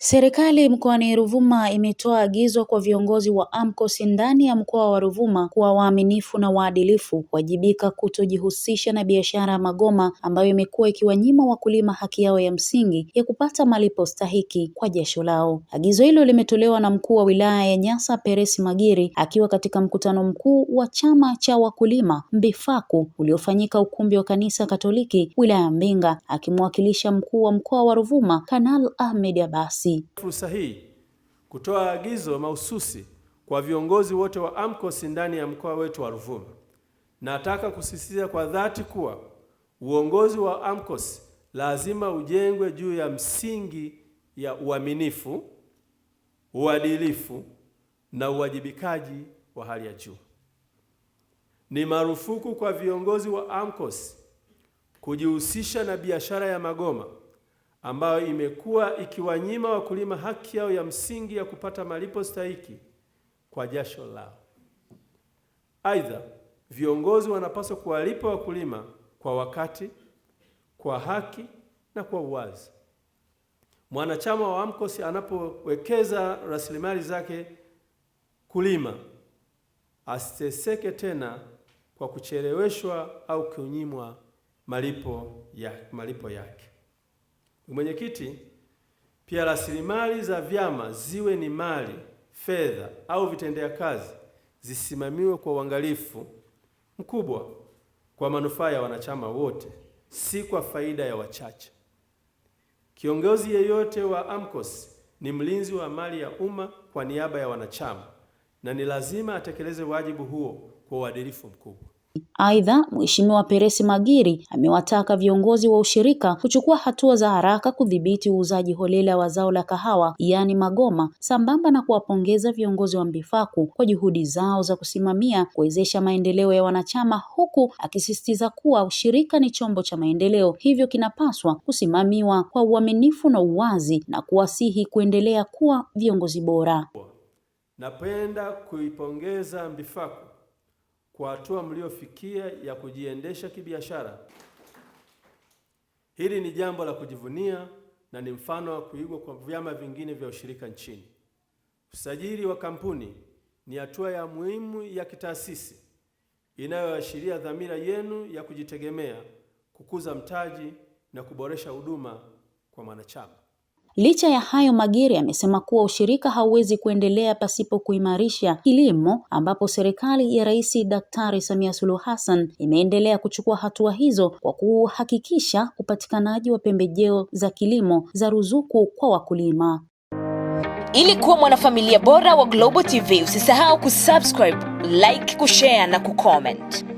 Serikali mkoani Ruvuma imetoa agizo kwa viongozi wa AMCOS ndani ya mkoa wa Ruvuma kuwa waaminifu na waadilifu, kuwajibika kutojihusisha na biashara ya magoma ambayo imekuwa ikiwanyima wakulima haki yao ya msingi ya kupata malipo stahiki kwa jasho lao. Agizo hilo limetolewa na mkuu wa wilaya ya Nyasa Peresi Magiri akiwa katika mkutano mkuu wa chama cha wakulima MBIFAKU uliofanyika ukumbi wa kanisa Katoliki wilaya ya Mbinga akimwakilisha mkuu wa mkoa wa Ruvuma kanal Ahmed Abasi binafsi. Fursa hii kutoa agizo mahususi kwa viongozi wote wa amkosi ndani ya mkoa wetu wa Ruvuma. Nataka kusisitiza kwa dhati kuwa uongozi wa AMCOS lazima ujengwe juu ya msingi ya uaminifu, uadilifu na uwajibikaji wa hali ya juu. Ni marufuku kwa viongozi wa AMCOS kujihusisha na biashara ya magoma ambayo imekuwa ikiwanyima wakulima haki yao ya msingi ya kupata malipo stahiki kwa jasho lao. Aidha, viongozi wanapaswa kuwalipa wakulima kwa wakati, kwa haki na kwa uwazi. Mwanachama wa AMCOS anapowekeza rasilimali zake kulima, asiteseke tena kwa kucheleweshwa au kunyimwa malipo ya malipo yake. Mwenyekiti, pia rasilimali za vyama ziwe ni mali, fedha au vitendea kazi, zisimamiwe kwa uangalifu mkubwa kwa manufaa ya wanachama wote, si kwa faida ya wachache. Kiongozi yeyote wa AMCOS ni mlinzi wa mali ya umma kwa niaba ya wanachama na ni lazima atekeleze wajibu huo kwa uadilifu mkubwa. Aidha, Mheshimiwa Peresi Magiri amewataka viongozi wa ushirika kuchukua hatua za haraka kudhibiti uuzaji holela wa zao la kahawa yaani magoma, sambamba na kuwapongeza viongozi wa Mbifaku kwa juhudi zao za kusimamia kuwezesha maendeleo ya wanachama, huku akisisitiza kuwa ushirika ni chombo cha maendeleo, hivyo kinapaswa kusimamiwa kwa uaminifu na uwazi na kuwasihi kuendelea kuwa viongozi bora. Napenda kuipongeza Mbifaku kwa hatua mliofikia ya kujiendesha kibiashara. Hili ni jambo la kujivunia na ni mfano wa kuigwa kwa vyama vingine vya ushirika nchini. Usajili wa kampuni ni hatua ya muhimu ya kitaasisi inayoashiria dhamira yenu ya kujitegemea, kukuza mtaji na kuboresha huduma kwa mwanachama. Licha ya hayo, Magere amesema kuwa ushirika hauwezi kuendelea pasipo kuimarisha kilimo, ambapo serikali ya Rais Daktari Samia Suluhu Hassan imeendelea kuchukua hatua hizo kwa kuhakikisha upatikanaji wa pembejeo za kilimo za ruzuku kwa wakulima. Ili kuwa mwanafamilia bora wa Global TV, usisahau kusubscribe, like, kushare na kucomment.